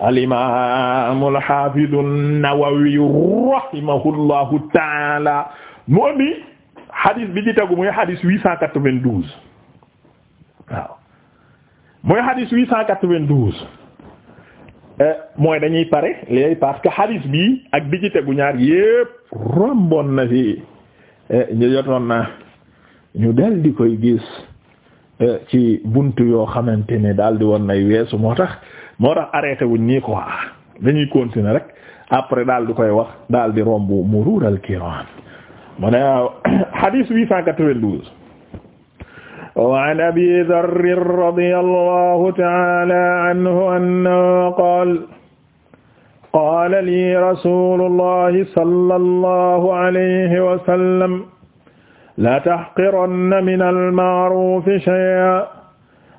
alimamu alhafidu Nawawi rahimahullahu taala mu andi hadis bi ci tegu muy hadis huit cent quatre-vingt-douze waaw muy hadis huit eh, mooy dañuy pare léegi parce que hadis bi ak bi ci tegu ñaar yépp romboon na fi eh, ñu jotoon na ñu dal koy gis Euh, ci buntu yoo xamante ne daal di woon nay weesu moo tax moo tax arrêté wuñ nii quoi dañuy continuer rek après daal di koy wax daal di romb murur al kiram mu ne hadith 892 وعن أبي ذر رضي الله تعالى عنه أنه قال قال لي رسول الله صلى الله عليه وسلم la taxqiranna min almaarufi shay'an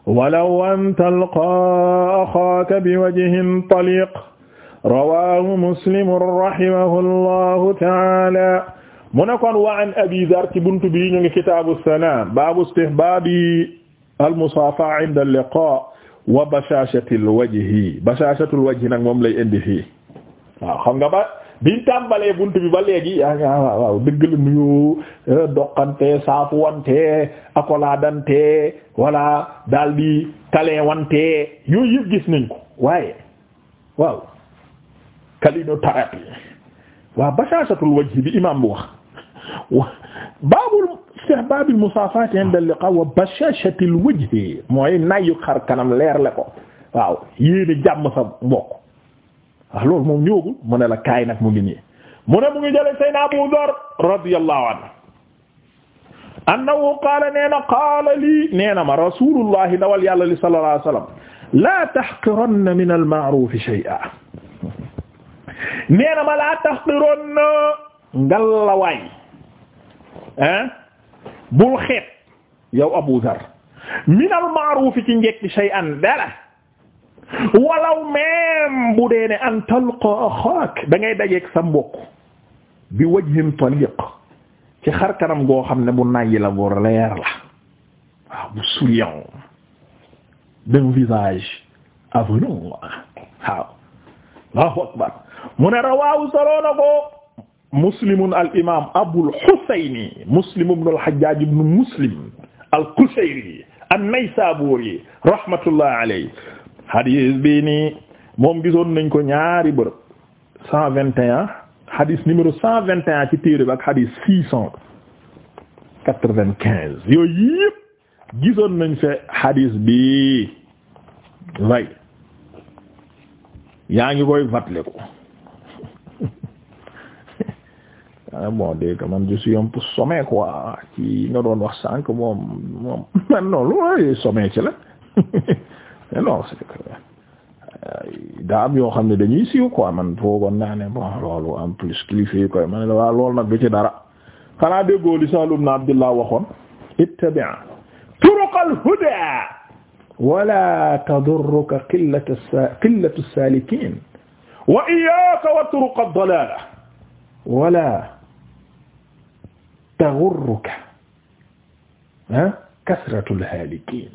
walaw an talqaa axaaka biwajhin taliq rawaahu muslimun rahimahu llahu taala mu ne kon wa an abi dar ci bunt bi ñu ngi kitaabu salaam baabu istihbaabi almusaafaha inda alliqaa wa bashaashatil wajhi bashaashatul wajhi nag moom lay indi fii waaw xam nga ba biñ tàmbalee bunt bi ba léegi yaa ngi waaw waaw dëgg la nuyoo euh, doqante saafuwante akolaadante walla daal di yooyu yëpp gis nañ ko waaye waaw kalinothérapie waaw bashaashatul wajhi bi imaam bu wax baabul istihbaabil musaafaati inda liqaa wa bashaashatil wajhi mooy nayu xar kanam leer la ko waaw yéene jàmm sa mbokk ah loolu moom ñëwagul mu ne la kaay nag mu ngi nii mu ne mu ngi jële sayna Abu Dar radiyallahu anhu annahu qaala nee na qaala lii nee na ma rasulullahi ndawal yàlla li sallallahu alayhi wasallam laa tahqiranna min al-ma'ruf shay'a nee na ma laa tahqiranna ngallawaay ah bul xeet yow Abu Dar min al-ma'ruf ci njekk shay'an dara walaw même bu dee ne an talqa axaak da ngay dajeeg sa mbokk bi wajhin taliq ci xar kanam goo xam ne bu nàyyi la bu leer la waaw bu souriant d'un visage avenant waaw Allahu akbar mu ne rawaahu soloona ko muslimun al imaam abul xusayni muslim ibn al hajjaaj ibn muslim al qushayri an-naysaburi rahmatullahi alayhi hadis bi nii moom gisoon nañ ko ñaari bërëb cent vingt et un hadis numéro cent vingt et un ci téere bi ak hadis six cent quatre-vingt-quinze yooyu yëpp gisoon nañ fe hadis bi way yaa ngi koy vatle ko ah bon dégg man je suis un peu sommé quoi ci nga doon wax sànq moom moom man noonu la Eh, non c'est que euh, daa am yoo xam ne dañuy siiw quoi man foogoon naa ne bon loolu en plus kilifa yi koy ma ne la waaw loolu nag du ci dara xanaa déggoo li Sahl ibn Abdullah waxoon ittabi' turuqal huda wala tadurruka qillatu qillatu saalikiin wa iyyaaka wa turuqad dalaala wala taghurruka kasratul haalikiin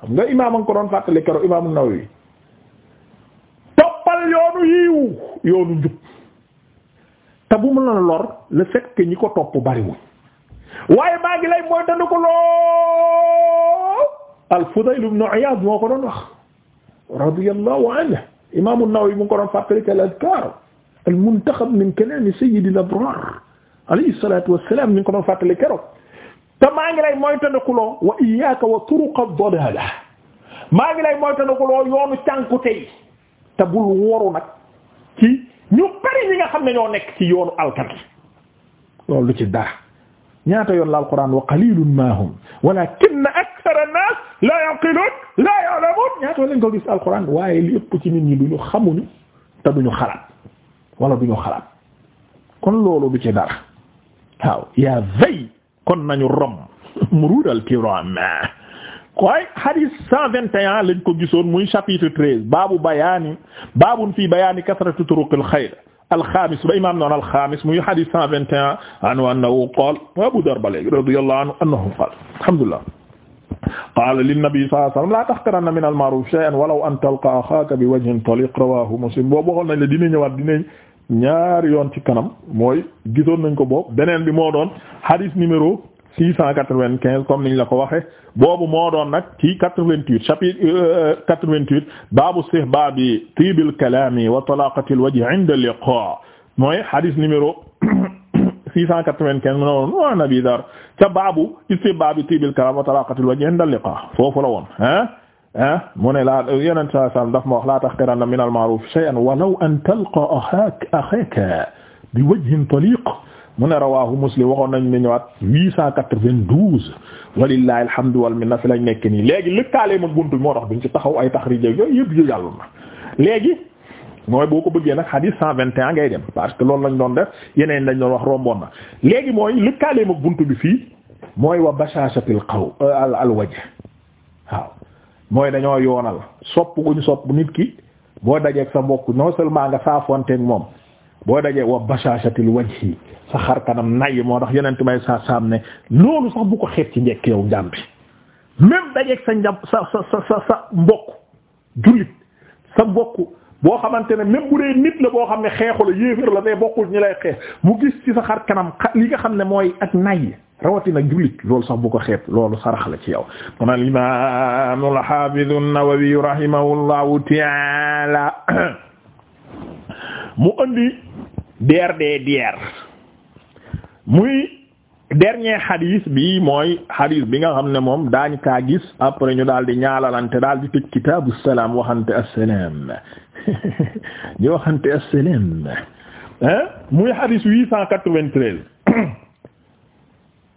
xam nga imaam a nga ko doon fàttali keroog imaam An-Nawawi toppal yoonu yiiw yoonu njub te bu mu la lor le fait que ñi ko topp bariwul waaye maa ngi lay mooy dana ko loo al-Fudayl ibn Iyad moo ko doon wax radiyallahu anhu imaam An-Nawawi mu ngi ko doon fàttali ca al-Adkaar al-muntaxab min kalaam sayyid al-abrar alayhi salaatu wa salaam ñu ngi ko doon fàttali keroog te maa ngi lay moytandikuloo wa iyyaka wa turuqa dalala maa ngi lay moytandikuloo yoonu cànkute yi te bul woru nag ci ñu bari ñi nga xam ne ñoo nekk ci yoonu alkami loolu lu ci dara ñaata yoon la alquran lañ ko gis alquran waaye li ci nit ñi duñu xamuñu te duñu xalaat wala duñu xalaat kon loolu du ci dara waaw yaa vey kon nañu rom murudal kiram waaye hadis cent vingt et un lañ ko gisoon muy chapitre treize baabu bayaani baabun fii bayaani kasrati turuqil xayr alxaamis ba imaam noon alxaamis muy hadis cent vingt et un anhu annahu qaala Abu Dar ba léegi radiyallahu anhu annahu qaala alhamdulillah qaala linnabi sallallahu alayhi wa sallam laa tahqiranna minal ma'ruuf shay'an walaw an talqa axaaka bi wajhin taliq rawaahu Muslim boobu waxoon nañ la dina ñëwaat dina ñaari yoon ci kanam mooy gisoon nañ ko boobu beneen bi moo doon hadith numéro six cent comme niñ la ko waxe boobu moo doon nag ci quatre a huit chapitre euh, quatre-vingt-huit baabu istihbaabi tiibil kalaami wa talaaqatil wajhi inda liqaa mooy hadith numéro six cent quatre-vingt-quinze mu ne woon wa nabi dar ca baabu istihbaabi tiibil kalaami wa talaaqatil la woon hein ah mu ne laa yeneen saa saam daf ma wax laa tahqiranna min al-ma'ruf shay'an walaw an talqa axaaka axaaka bi wajhin taliq mu ne rawahu muslim waxoon nañ ne ñëwaat 892 walillahi alhamdu wal minna fi lañ nekk nii léegi lëkkaalee ma buntu moo tax duñ ci taxaw ay taxrij yooyu yëpp yu yàllu na léegi mooy boo ko bëggee nag hadith 121 ngay dem parce que loolu lañ doon def yeneen lañ doon wax romboon na léegi mooy lëkkaalee ma buntu bi fii mooy wa bashaashatil qaw al al wajh waaw mooy dañoo yoonal sopp guñ sopp nit ki boo dajeeg sa mbokk non seulement nga saafonteeg moom boo dajee wa bashashatil wajhi sa xar kanam nay moo tax yeneen may sa saam ne loolu sax bu ko njekk yow njàm bi même dajeeg sa sa sa sa sa mbokk jullit sa mbokk boo xamante ne même bu dee nit la boo xam ne xeexu la yéefar la mais bokkul ñi lay xeex mu gis ci sa xar kanam li nga xam ne mooy ak nay rawatina jullit loolu sax bu ko xeeb loolu sarax la ci yaw kon al imam al hafiz an-Nawawi mu andi der de der muy dernier hadith bi mooy hadith bi nga xam ne moom daañ kaa gis après ñu daal di ñaalalante daal di tëj kitaabu salaam waxante assalaam ñu waxante assalaam hein muy hadith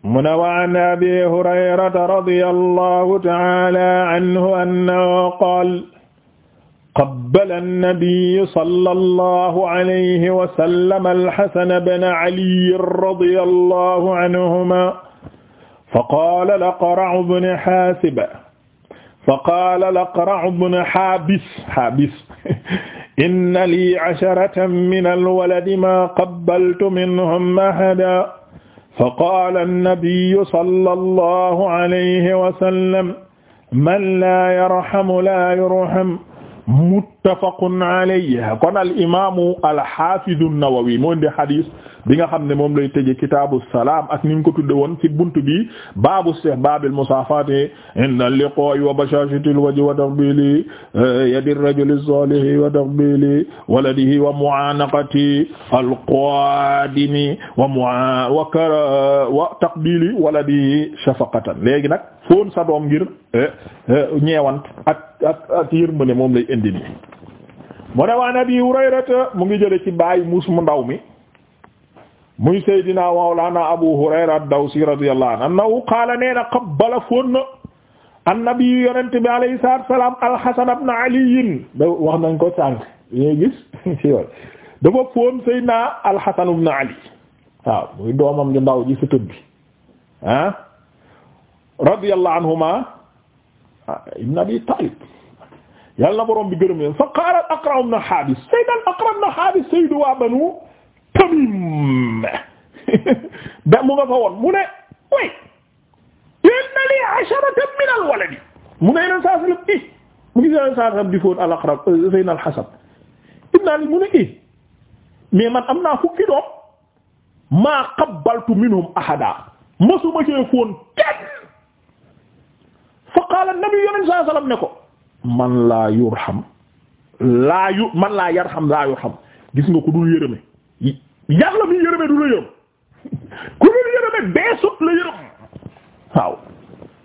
mu ne wa an abi hurayrata radiyallahu ta'ala anhu annahu qaala qabbala an-nabiyyu sallallahu alayhi wa sallam al-Hasan ibn Ali radiyallahu anhuma faqaala al-Aqra' ibn Haasib faqaala al-Aqra' ibn Haabis Haabis inna lii 'asharatan mina al-waladi maa qabbaltu minhum ahadan faqaala annabiyu sallallahu alayhi wa sallam man laa yarhamu laa yurham muttafaqun alayhi kon al imaamu al haafidu an-Nawawi moo indi hadiis bi nga xam ne moom lay tëje kitaabu salaam ak ni ñu ko tudde woon ci bunt bi baabu istihbaabil musaafati inda liqaa'i wa bashaashatil wajhi wa taqbiili eh, yadi rajuli saalihi wa taqbiili waladihi wa mu'aanaqati alqaadimi wa mu'a wa shafaqatan léegi nag foon sa ngir eh, eh, ñeewant ak ak ak moom lay indi nii mu ne waa Abi Hurayrata mu ngi jële ci baay muus mu ndaw mi muy Seydina Mawlana Abu Hurayra Dawsi radiyallahu anhu annahu qaala nee na qabbala foon na annabi yonent bi alayhi salaatu wa salaam al-Hasan ibn Ali da wax nañ ko sànq ñuy gis ci yoon dafa foon Seydina al-Hasan ibn Ali waaw muy doomam ju ndaw ji si tëb bi ah radiyallahu anhuma ah, ibn Abi Talib yàlla na borom bi gërëm leen fa qaala al-Aqra' ibn Haabis Seydina al-Aqra' ibn Haabis sayyidu waa Banu Tamim da mu nga fa woon mu ne way inna li asharatan min al mu ne yeneen saa i mu ngi yeneen saa sallam di foon al aqrab euh, seyna hasan inna li mu ne i mais man am naa fukki doom maa qabbaltu minhum ahada masuma cee foon kenn fa qaala nabi yeneen saa ne ko man laa yurham laa yu man laa yarham laa yurham gis nga ko dul yërëme yàlla mi yërëme du la yërëm ku la yërëme beesut la yërëm waaw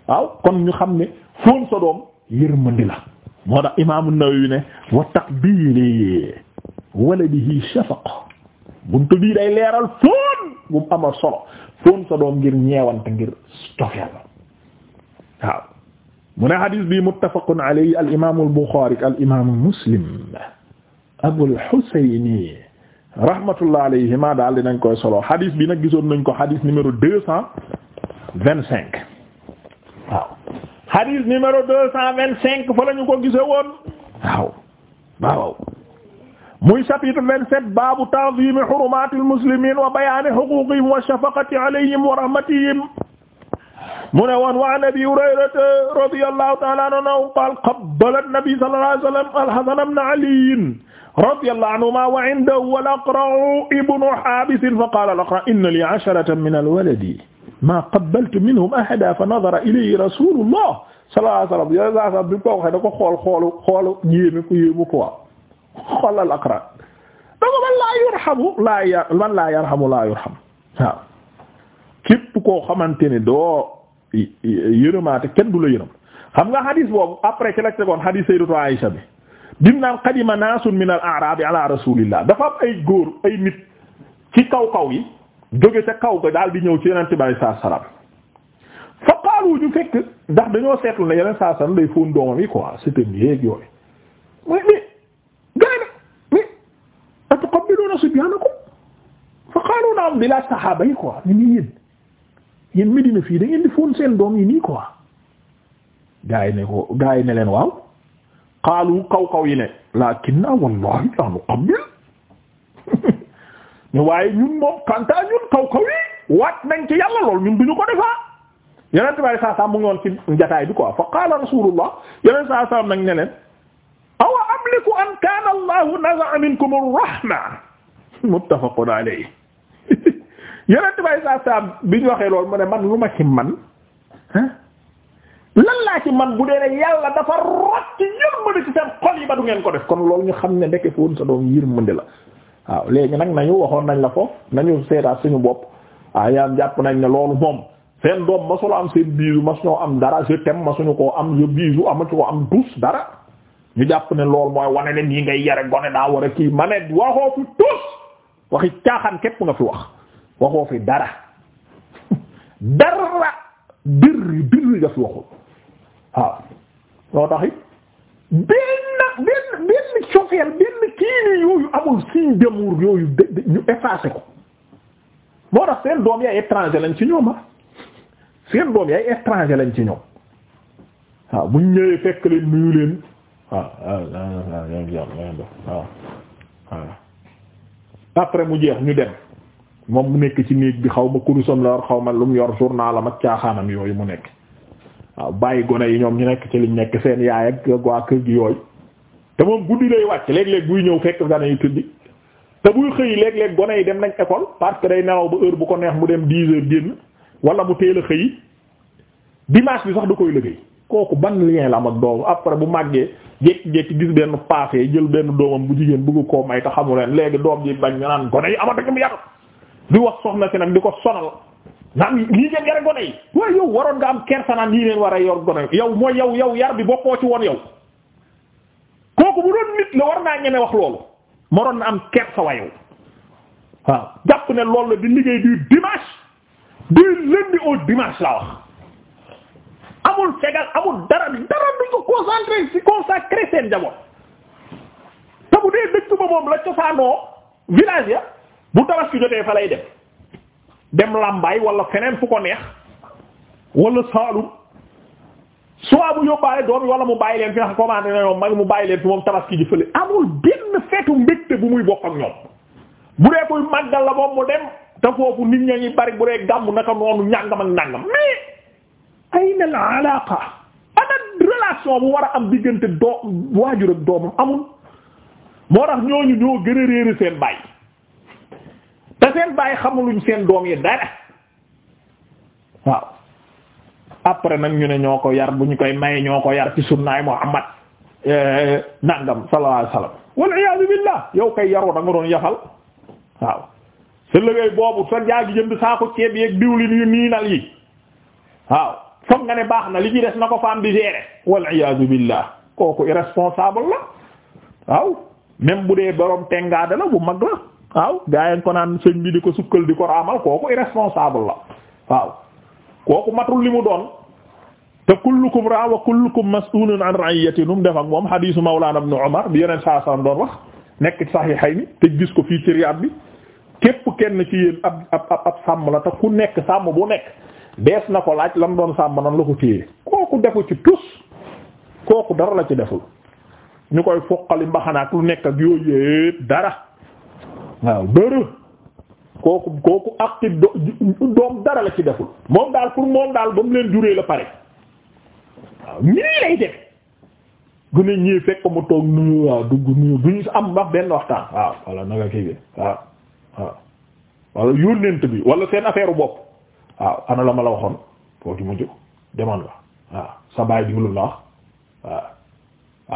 waaw kon ñu xam ne foon sa doom yërmandi la moo tax imaamu Nawawi ne wa taqbiili waladihi shafaqa buntu bii day leeral foon bu mu amal solo foon sa doom ngir ñeewante ngir cofeel la waaw mu bi muttafaqun alayhi al imaamu al Muslim Abul Husayni rahmatullah alayhima daal dinañ koy solo xadis bi nag gisoon nañ ko xadis numéro deux cent vingt cinq waaw xadis numéro deux cent vingt cinq fa la ñu ko gise woon waaw waaw muy chapitre vingt sept baabu ta'zim hurumatil muslimin wa bayan huquqihim wa shafaqati alayhim wa rahmatihim mu ne woon wa an abi hurayrata radiyallahu ta'ala anhu qala qabbala an-nabi sallallahu alayhi wa sallam al-hasan ibn ali radiyallahu anhuma wa indahu al-Aqra' ibnu Haabis fa qaala al-Aqra' inna lii asharatan min al-waladi maa qabbaltu minhum ahadan fa nadara ilayhi rasulullah sallallahu alayhi wa sallam bi ko waxee da ko xool xoolu xoolu yéeme ku yéemu ko waaw xool al-Aqra' da ko man laa yurhamu laa ya man laa yarhamu laa yurham waaw képp koo xamante ne doo yërëmaate kenn du la yërëm xam nga hadis boobu après ci la tegoon hadis Sayyidatu Aïsha bi bim naan qadima naasun min al a'raabi ala rasulillah dafa am ay góor ay nit ci kaw kaw yi jóge ca kaw ga daal di ñëw ci yeneen bi alei salaatu salaam fa qaalu ñu fekk ndax dañoo seetlu ne yeneen saa salaam day fóon doomam yi quoi c'était yéeg yooyu mooy mi gay na mi atuqabbiluuna sibyaanakum fa qaalu naam di laaj saxaaba yi quoi ñu nii yéen yéen Medina fii da di fóon seen doom yi nii quoi gaa yi ne ko gaa yi ne leen waaw xaalu kaw kaw yi ne lakinna wallahi la nuqabbil ñu waaye ñun moom kantaa ñun kaw kaw yi waat nañ ci yàlla lool ñun duñu ko defaa yeneen saa saa mu ngi woon ci njataay bi quoi fa qaala rasulullah yeneen saa saa nag ne leen awa amliku an kaana allahu naza'a minkum ar-rahma muttafaqun alayhi yeneen tubaab saa saa bi ñu waxee lool mu ne man lu ma ci man naa ci man bu dee ne yàlla dafa rot ci yërmande ci seen xol yi ba du ngeen ko def kon loolu ñu xam ne ndeke foon sa doom yërmande la waaw léegi nag nañu waxoon nañ la foofu nañu seetaat suñu bopp ah yaan jàpp nañ ne loolu moom seen doom masula am seen biisu masuñoo am dara je t'aime suñu ko am je biisu amatu ko am tous dara ñu jàpp ne loolu mooy wane ne nii ngay yare gone daa war a kii ma ne waxoo fi tous waxi caaxaan képp nga fi wax waxoo fi dara dara birri birri waaw loo tax it benn benn benn cofeel benn kii yooyu amul signe d'amour yooyu ñu effacé ko moo tax seen doom yaay étranger lañ ci ñoom ah seen doom yaay étranger lañ ci ñoom waaw buñ ñëwee fekk leen nuyu leen après mu jeex ñu dem moom mu nekk ci néeg bi xaw ma kurusam la xaw ma lu mu yor journalam ak caaxaanam yooyu mu nekk. waaw bàyyi gone yi ñoom ñu nekk ci liñ nekk seen yaay ak waa kër gi yooyu te moom guddi lay wàcc léeg-léeg buy ñëw fekk gone yi tëdd te buy xëy léeg-léeg gone yi dem nañ école parce que day nelaw ba heure bu ko neex mu dem 10 heures génn wala mu teel a xëy dimanche bi sax du koy liggéey kooku ban lien la am ak doom après bu màggee jékki-jékki gis benn paase jël benn doomam bu jigéen buggu koo may te xamu leen léegi doom ji bañ ñu naan gone yi amata mu di wax soxna si nag di ko sonal naan lii ngeen yare gone yi waaye yow waroon nga am kersa naan lii leen war a yor gone yow mooy yow yow yar bi bokkoo ci woon yow kooku bu doon nit la war naa ñeme wax loolu maroon na am kersa wa yow waaw jàpp ne loolu la di liggéey du dimanche du lundi au dimanche laa wax amul fegal amul dara dara du ko concentré ci consacré seen njaboot te bu dee dëkk ba moom la cosaanoo village ya bu tabaski jotee fa lay def dem làmbaay wala feneen fu ko neex wala saalum soit yóbbaale doom yi wala mu bàyyi leen fi ndax mag mu bàyyi leen fi moom tabaski ji fële amul benn feetu mbégte bu muy bokk ak ñoom bu dee koy màggal la moom mu dem te foofu nit ña bari bu dee gàmm naka noonu ñàngam ak nàngam mais ay na la alaaka ana relation bu war a am diggante doo waajur ak doomam amul moo tax ñooñu ñoo gën a réere seen bàyyi seen bàyyi xamuluñ seen doom yi dara waaw après nag ñu ne ñoo ko yar bu ñu koy maye ñoo ko yar ci sunnaay Muhammad eh, nangam sallallahu alayhi wasallam wal iyaadu billah yow kay yaroo da nga doon yafal waaw sa liggéey boobu sa jaagi jënd saako ceeb yeeg diwlin yu niinal yi waaw foog nga ne baax na li ci des na ko faam di gérer wal iyaadu billah kooku irresponsable la waaw même bu dee borom tengaade la bu mag la waaw gaa ko naan sëñ bi di ko sukkal di ko raamal kooku irresponsable la waaw kooku matul li mu doon te kullukum raa wa kullukum mas'ulun an ra'iyati num def ak moom hadiisu mawlana ibn Umar bi yeneen saa doon wax nekk ci Sahihayni te gis ko fii ci Riyad bi képp kenn ci yéen ab ab sàmm la te ku nekk sàmm bu nekk bees na ko laaj lam doon sàmm nan la ko téye kooku defu ci tus kooku dara la ci deful ñu koy foqali mbaxanaak lu nekk ak waaw dërë kooku kooku àqi doom dara la ci deful moom daal pour moom daal ba mu leen juree la pare waaw nii lay def gën a ñëw fekk mu toog nuyu waaw dugg nuyu du ñu am wax benn waxtaan waaw walla nanga kii bi waaw waaw bi walla seen affaire bopp waaw ana la ma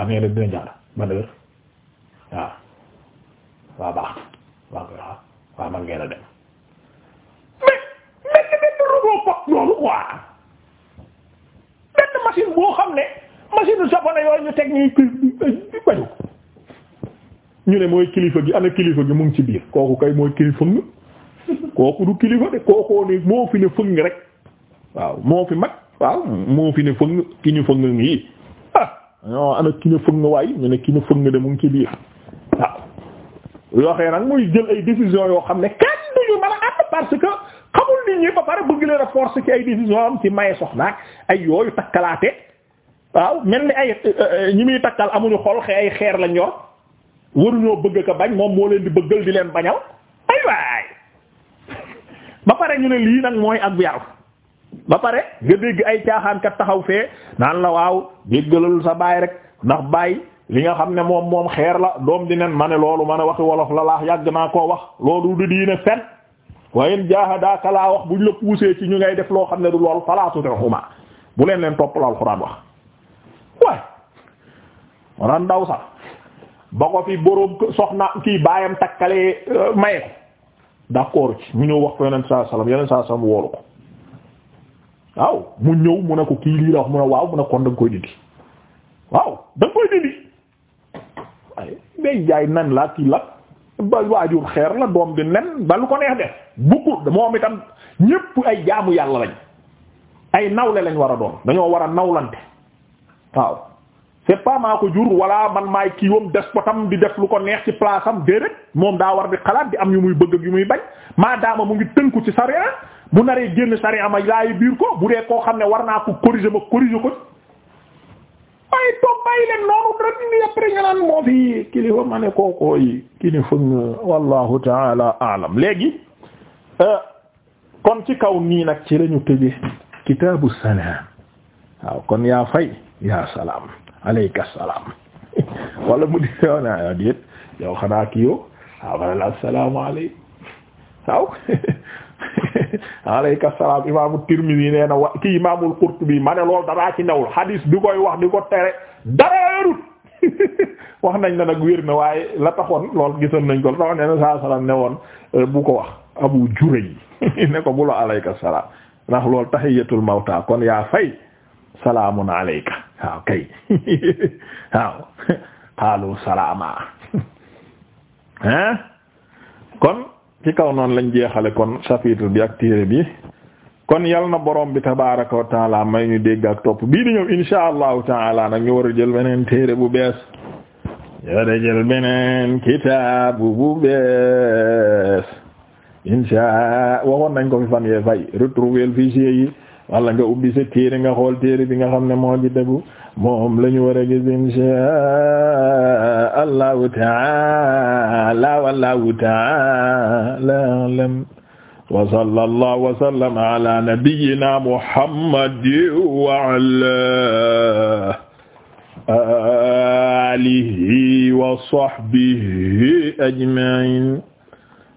la dina jaar ba waaw waaw baax waaw koy waaw man ngeen a dem mais mel ni benn robot pop loolu quoi benn machine boo xam ne machine japonais yooyu ñu teg ñu ne mooy kilifa gi ana kilifa gi mu ngi ci biir kooku kay mooy kilifa nga kooku du kilifa de kookoo ne moo fi ne fëng rek waaw moo fi mag waaw moo fi ne fëng ki ñu fëng ngi ah ana ki fëng waaye ñu ne ki fëng de mu ngi ci biir waxee nag muy jël ay décision yoo xam ne kenn duñu mën a ànd parce que xamul nit ñi ba pare bëgg leen a force ci ay décision am ci maye soxnaak ay yooyu takkalaate waaw mel ni ay euh, euh, ñi muy takkal amuñu xol xe ay xeer la ñor waruñoo bëgg ka bañ moom moo leen di bëggal di leen bañal ay waay ba pare ñu ne lii nag mooy ak yaru ba pare nga dégg ay caaxaankat taxaw fee naan la waaw déggalal sa baay rek ndax baay li nga xam ne moom moom xeer la doom di nen ma ne loolu ma ne waxi wolof la laax yàgg naa koo wax loolu du diine fen waaye jaahadaaka laa wax buñ la poussé ci ñu ngay def loo xam ne du lool falaatu te xuma bu leen leen topp la alxuraan wax waaye ran ndaw sax ba ko fi boroom soxna kii baayam takkalee euh, maye ko d'accord ci mu ñëw wax ko yeneen saa salaam yeneen saa salaam woolu ko waaw mu ñëw mu ne ko kii lii la wax mu ne waaw mu ne kon danga day jaay nen laa kii la ba waajur xeer la doom bi nen ba lu ko neex def buggu moom itam ñépp ay jaamu yàlla lañ ay nawle lañ war a doom dañoo war a nawlante waaw c'est pas maa ko jur wala man maay kiiwam despotam di def lu ko neex ci place déedéet moom daa war di xalaat di am yu muy bëgg yu muy bañ maa daama mu ngi tënku ci sariya bu naree génn sariya ma laay biir ko bu dee koo xam ne war naa ko corriger ma corriger ko bàyyi toog noonu rek ni après nga naan moo kilifa ma ne kookooy kilifa wallahu taala alam léegi euh, kon ci kaw nii nag ci lañu tëje kitaabu salaam waaw kon yaa fay yaa salaam wala mu di yow naa déet yow xanaa ki yow waaw ah, wala assalaamu alaykum waaw aleyka salaam imaamu Tirmidhi nee na wa ki imaamul Qurtubi ma ne loolu daraa ci newul hadis bi koy wax di ko tere dareerut wax nañ na nag wér na waaye la taxoon lool gisoon nañ ko la taxoon nee na saa ne woon euh, bu ko wax Abu Juray ne ko bu la aleyka salaam ndax loolu tahiyatul mawta kon yaa fay salaamun aleyka waaw kay waaw qaalu salaama hein kon ci kaw noon lañ jeexale kon chapitre bi ak téere bi kon yal na borom bi tabaaraka wa taala may ñu dégg ak topp bii di ñëw insha allahu taala nag ñu war a jël beneen téere bu bees yara jël beneen kitaabu bu bees insha waxoon nañ ko fi fan yee fay retrouver le fichier yi wala nga ubbi sa téere nga xool téere bi nga xam ne moo ci déggu moom la ñu war a gis insha allahu taala wallahu taala alam wa sallallahu wa sallama ala nabiyyina muhammadin wa ala alihi wa sahbihi ajma'in